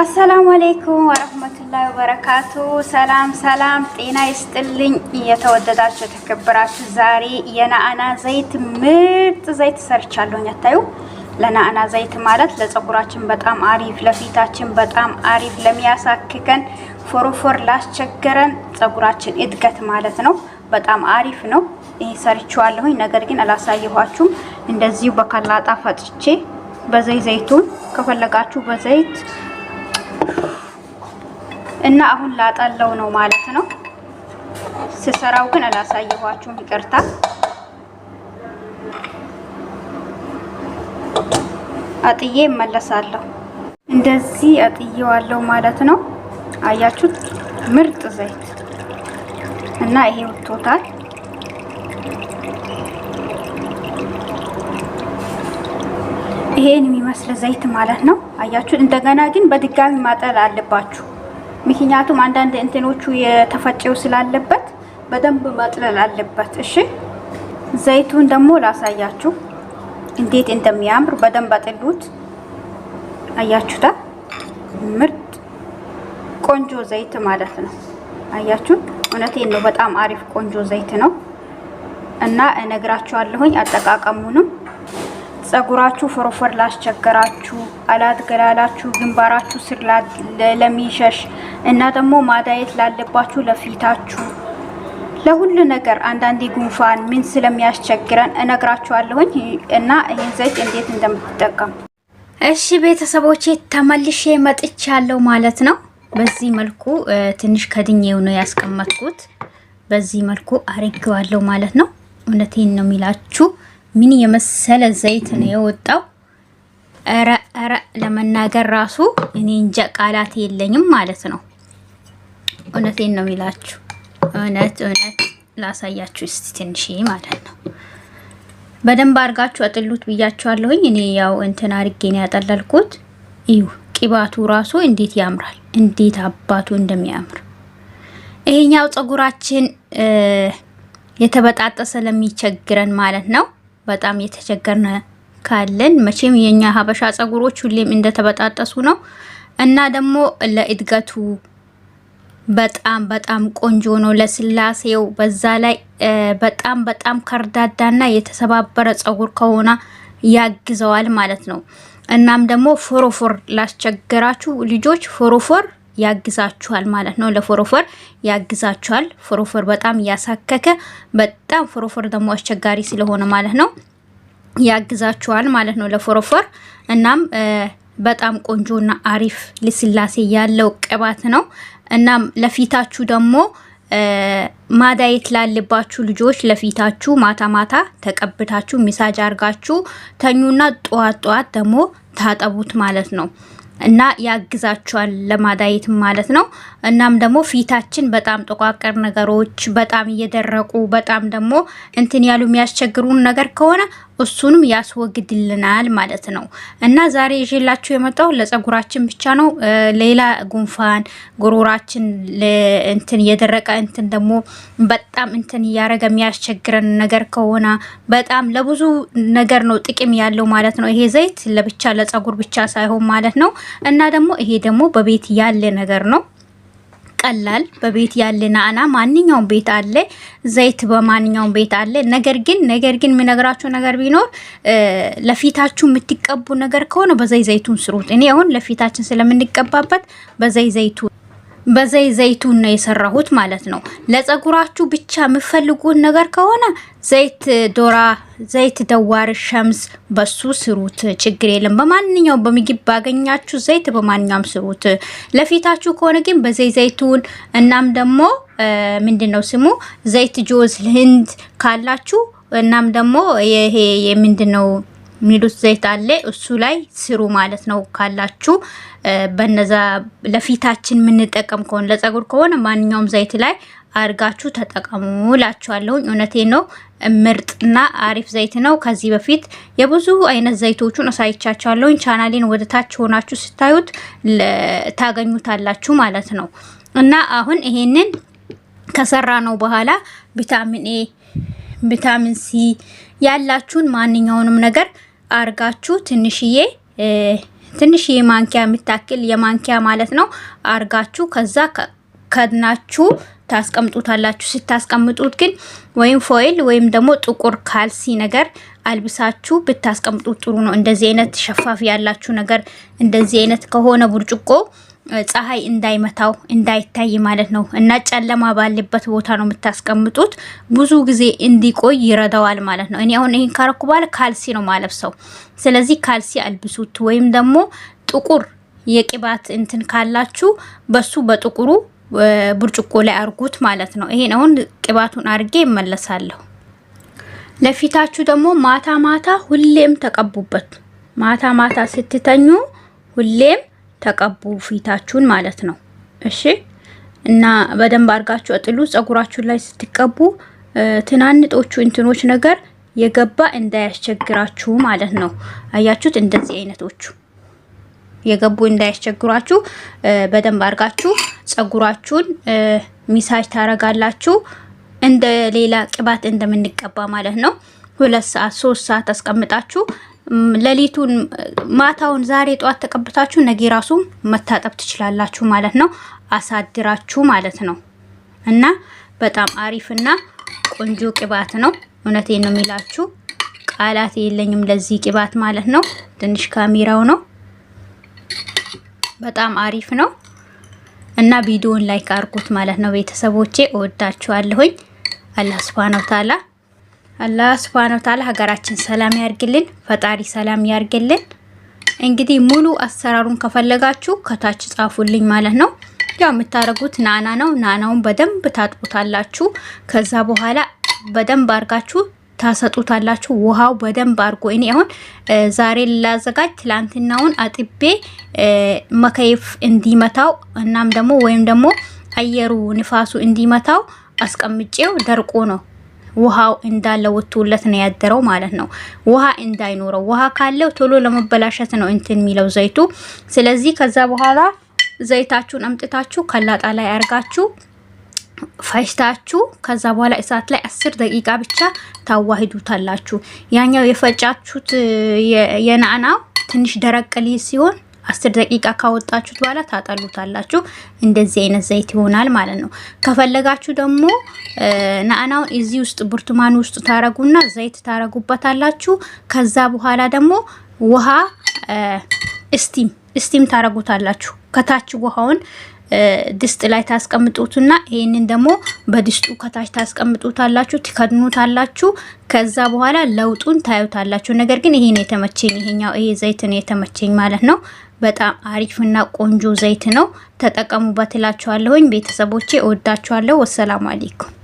አሰላሙ አሌይኩም ወረህመቱላሂ ወበረካቱ። ሰላም ሰላም፣ ጤና ይስጥልኝ የተወደዳችሁ የተከበራችሁ፣ ዛሬ የናአና ዘይት ምርጥ ዘይት ሰርቻለሁኝ። ያታዩ ለናዕና ዘይት ማለት ለፀጉራችን በጣም አሪፍ፣ ለፊታችን በጣም አሪፍ፣ ለሚያሳክከን ፎርፎር ላስቸገረን ፀጉራችን እድገት ማለት ነው። በጣም አሪፍ ነው። ይሄ ሰርችዋለሁኝ፣ ነገር ግን አላሳየኋችሁም። እንደዚሁ በከላጣ ፈጥቼ በዘይ ዘይቱን ከፈለጋችሁ በዘይት እና አሁን ላጠለው ነው ማለት ነው። ስሰራው ግን አላሳየኋችሁም፣ ይቅርታ። አጥዬ እመለሳለሁ። እንደዚህ አጥዬዋለሁ ማለት ነው። አያችሁት? ምርጥ ዘይት እና ይሄ ወጥቶታል። ይሄን የሚመስል ዘይት ማለት ነው። አያችሁት? እንደገና ግን በድጋሚ ማጠል አለባችሁ። ምክንያቱም አንዳንድ እንትኖቹ የተፈጨው ስላለበት በደንብ መጥለል አለበት። እሺ ዘይቱን ደግሞ ላሳያችሁ እንዴት እንደሚያምር በደንብ አጥሉት። አያችሁታ ምርጥ ቆንጆ ዘይት ማለት ነው። አያችሁ እውነቴን ነው። በጣም አሪፍ ቆንጆ ዘይት ነው እና እነግራችኋለሁኝ አጠቃቀሙንም ጸጉራችሁ ፎረፎር ላስቸገራችሁ፣ አላት ገላላችሁ ግንባራችሁ ስር ለሚሸሽ እና ደግሞ ማዳየት ላለባችሁ ለፊታችሁ፣ ለሁሉ ነገር አንዳንዴ ጉንፋን ምን ስለሚያስቸግረን እነግራችኋለሁኝ እና ይህን ዘይት እንዴት እንደምትጠቀም። እሺ ቤተሰቦቼ ተመልሼ መጥቻለሁ ማለት ነው። በዚህ መልኩ ትንሽ ከድኜው ነው ያስቀመጥኩት። በዚህ መልኩ አርጌዋለሁ ማለት ነው። እውነቴን ነው የሚላችሁ ምን የመሰለ ዘይት ነው የወጣው። ኧረ ኧረ ለመናገር ራሱ እኔ እንጃ ቃላት የለኝም ማለት ነው። እውነቴን ነው የሚላችሁ። እውነት እውነት ላሳያችሁ እስቲ ትንሽ ማለት ነው። በደንብ አድርጋችሁ አጥሉት ብያችኋለሁኝ። እኔ ያው እንትን አድርጌ ነው ያጠለልኩት። እዩ ቅባቱ ራሱ እንዴት ያምራል! እንዴት አባቱ እንደሚያምር ይሄኛው ፀጉራችን የተበጣጠሰ ለሚቸግረን ማለት ነው በጣም የተቸገርን ካለን መቼም የኛ ሀበሻ ጸጉሮች ሁሌም እንደተበጣጠሱ ነው እና ደግሞ ለእድገቱ በጣም በጣም ቆንጆ ነው ለስላሴው። በዛ ላይ በጣም በጣም ከርዳዳና የተሰባበረ ጸጉር ከሆነ ያግዘዋል ማለት ነው። እናም ደግሞ ፎሮፎር ላስቸገራችሁ ልጆች ፎሮፎር ያግዛችኋል ማለት ነው። ለፎሮፎር ያግዛችኋል። ፎሮፎር በጣም እያሳከከ በጣም ፎሮፎር ደግሞ አስቸጋሪ ስለሆነ ማለት ነው ያግዛችኋል ማለት ነው ለፎሮፎር። እናም በጣም ቆንጆና አሪፍ ልስላሴ ያለው ቅባት ነው። እናም ለፊታችሁ ደግሞ ማዳየት ላለባችሁ ልጆች ለፊታችሁ ማታ ማታ ተቀብታችሁ ሚሳጅ አርጋችሁ ተኙና ጠዋት ጠዋት ደግሞ ታጠቡት ማለት ነው። እና ያግዛቸዋል ለማዳየት ማለት ነው። እናም ደግሞ ፊታችን በጣም ጠቋቀር ነገሮች በጣም እየደረቁ በጣም ደግሞ እንትን ያሉ የሚያስቸግሩን ነገር ከሆነ እሱንም ያስወግድልናል ማለት ነው። እና ዛሬ ይዤላችሁ የመጣው ለጸጉራችን ብቻ ነው። ሌላ ጉንፋን፣ ጉሮራችን እንትን የደረቀ እንትን ደግሞ በጣም እንትን እያደረገ የሚያስቸግረን ነገር ከሆነ በጣም ለብዙ ነገር ነው ጥቅም ያለው ማለት ነው። ይሄ ዘይት ለብቻ ለጸጉር ብቻ ሳይሆን ማለት ነው። እና ደግሞ ይሄ ደግሞ በቤት ያለ ነገር ነው። ቀላል በቤት ያለ ናና ማንኛውም ቤት አለ፣ ዘይት በማንኛውም ቤት አለ። ነገር ግን ነገር ግን የምነግራችሁ ነገር ቢኖር ለፊታችሁ የምትቀቡ ነገር ከሆነ በዘይ ዘይቱን ስሩት። እኔ አሁን ለፊታችን ስለምንቀባበት በዘይ ዘይቱ በዘይ ዘይቱን ነው የሰራሁት ማለት ነው። ለጸጉራችሁ ብቻ የምፈልጉን ነገር ከሆነ ዘይት ዶራ፣ ዘይት ደዋር ሸምስ፣ በሱ ስሩት፣ ችግር የለም። በማንኛውም በምግብ ባገኛችሁ ዘይት በማንኛውም ስሩት። ለፊታችሁ ከሆነ ግን በዘይ ዘይቱን እናም ደግሞ ምንድን ነው ስሙ ዘይት ጆዝ ህንድ ካላችሁ እናም ደግሞ ይሄ ምንድን ነው ሚዱስ ዘይት አለ እሱ ላይ ስሩ ማለት ነው ካላችሁ በነዛ ለፊታችን የምንጠቀም ከሆነ ለጸጉር ከሆነ ማንኛውም ዘይት ላይ አርጋችሁ ተጠቀሙ ላችኋለሁኝ። እውነቴ ነው፣ ምርጥና አሪፍ ዘይት ነው። ከዚህ በፊት የብዙ አይነት ዘይቶቹን አሳይቻችኋለሁኝ። ቻናሌን ወደታች ሆናችሁ ስታዩት ታገኙታላችሁ ማለት ነው። እና አሁን ይሄንን ከሰራ ነው በኋላ ቪታሚን ኤ ቪታሚን ሲ ያላችሁን ማንኛውንም ነገር አርጋችሁ ትንሽዬ ትንሽዬ ማንኪያ የምታክል የማንኪያ ማለት ነው አርጋችሁ ከዛ ከድናችሁ ታስቀምጡታላችሁ። ስታስቀምጡት ግን ወይም ፎይል ወይም ደግሞ ጥቁር ካልሲ ነገር አልብሳችሁ ብታስቀምጡት ጥሩ ነው። እንደዚህ አይነት ሸፋፊ ያላችሁ ነገር እንደዚህ አይነት ከሆነ ብርጭቆ ፀሐይ እንዳይመታው እንዳይታይ ማለት ነው እና ጨለማ ባለበት ቦታ ነው የምታስቀምጡት። ብዙ ጊዜ እንዲቆይ ይረዳዋል ማለት ነው። እኔ አሁን ይህን ካረኩ በኋላ ካልሲ ነው ማለብ ሰው። ስለዚህ ካልሲ አልብሱት ወይም ደግሞ ጥቁር የቅባት እንትን ካላችሁ በሱ በጥቁሩ ብርጭቆ ላይ አርጉት ማለት ነው። ይሄን አሁን ቅባቱን አርጌ ይመለሳለሁ። ለፊታችሁ ደግሞ ማታ ማታ ሁሌም ተቀቡበት። ማታ ማታ ስትተኙ ሁሌም ተቀቡ ፊታችሁን ማለት ነው። እሺ እና በደንብ አድርጋችሁ ጥሉ። ጸጉራችሁን ላይ ስትቀቡ ትናንጦቹ እንትኖች ነገር የገባ እንዳያስቸግራችሁ ማለት ነው። አያችሁት? እንደዚህ አይነቶቹ የገቡ እንዳያስቸግሯችሁ በደንብ አድርጋችሁ ጸጉራችሁን ሚሳጅ ታረጋላችሁ። እንደ ሌላ ቅባት እንደምንቀባ ማለት ነው። ሁለት ሰዓት ሶስት ሰዓት አስቀምጣችሁ ሌሊቱን ማታውን ዛሬ ጠዋት ተቀብታችሁ ነገ ራሱ መታጠብ ትችላላችሁ ማለት ነው። አሳድራችሁ ማለት ነው። እና በጣም አሪፍና ቆንጆ ቅባት ነው። እውነቴን ነው የሚላችሁ ቃላት የለኝም ለዚህ ቅባት ማለት ነው። ትንሽ ካሜራው ነው በጣም አሪፍ ነው እና ቪዲዮውን ላይክ አድርጉት ማለት ነው። ቤተሰቦቼ እወዳችኋለሁኝ። አላህ ሱብሃነሁ ወተዓላ አላህ ሱብሃነሁ ወተዓላ ሀገራችን ሰላም ያርግልን፣ ፈጣሪ ሰላም ያርግልን። እንግዲህ ሙሉ አሰራሩን ከፈለጋችሁ ከታች ጻፉልኝ ማለት ነው። ያው የምታደርጉት ናና ነው። ናናውን በደንብ ታጥቡታላችሁ። ከዛ በኋላ በደንብ አርጋችሁ ታሰጡታላችሁ። ውሃው በደንብ አርጎ እኔ አሁን ዛሬ ላዘጋጅ ትላንትናውን አጥቤ መከይፍ እንዲመታው እናም ደግሞ ወይም ደግሞ አየሩ ንፋሱ እንዲመታው አስቀምጬው ደርቆ ነው ውሃው እንዳለ ወጥቶለት ነው ያደረው ማለት ነው። ውሃ እንዳይኖረው ውሃ ካለው ቶሎ ለመበላሸት ነው እንትን የሚለው ዘይቱ። ስለዚህ ከዛ በኋላ ዘይታችሁን አምጥታችሁ ከላጣ ላይ አርጋችሁ ፈጭታችሁ ከዛ በኋላ እሳት ላይ አስር ደቂቃ ብቻ ታዋሂዱታላችሁ። ያኛው የፈጫችሁት የናዕናው ትንሽ ደረቅ ሊ ሲሆን አስር ደቂቃ ካወጣችሁት በኋላ ታጠሉታላችሁ። እንደዚህ አይነት ዘይት ይሆናል ማለት ነው። ከፈለጋችሁ ደግሞ ናአናውን እዚህ ውስጥ ብርቱማን ውስጥ ታረጉና ዘይት ታረጉበታላችሁ። ከዛ በኋላ ደግሞ ውሃ ስቲም ስቲም ታረጉታላችሁ። ከታች ውሃውን ድስት ላይ ታስቀምጡትና ይህንን ደግሞ በድስቱ ከታች ታስቀምጡታላችሁ፣ ትከድኑታላችሁ። ከዛ በኋላ ለውጡን ታዩታላችሁ። ነገር ግን ይሄን የተመቸኝ ይሄኛው ይሄ ዘይትን የተመቸኝ ማለት ነው። በጣም አሪፍና ቆንጆ ዘይት ነው። ተጠቀሙበት እላችኋለሁኝ። ቤተሰቦቼ እወዳችኋለሁ። ወሰላሙ አሌይኩም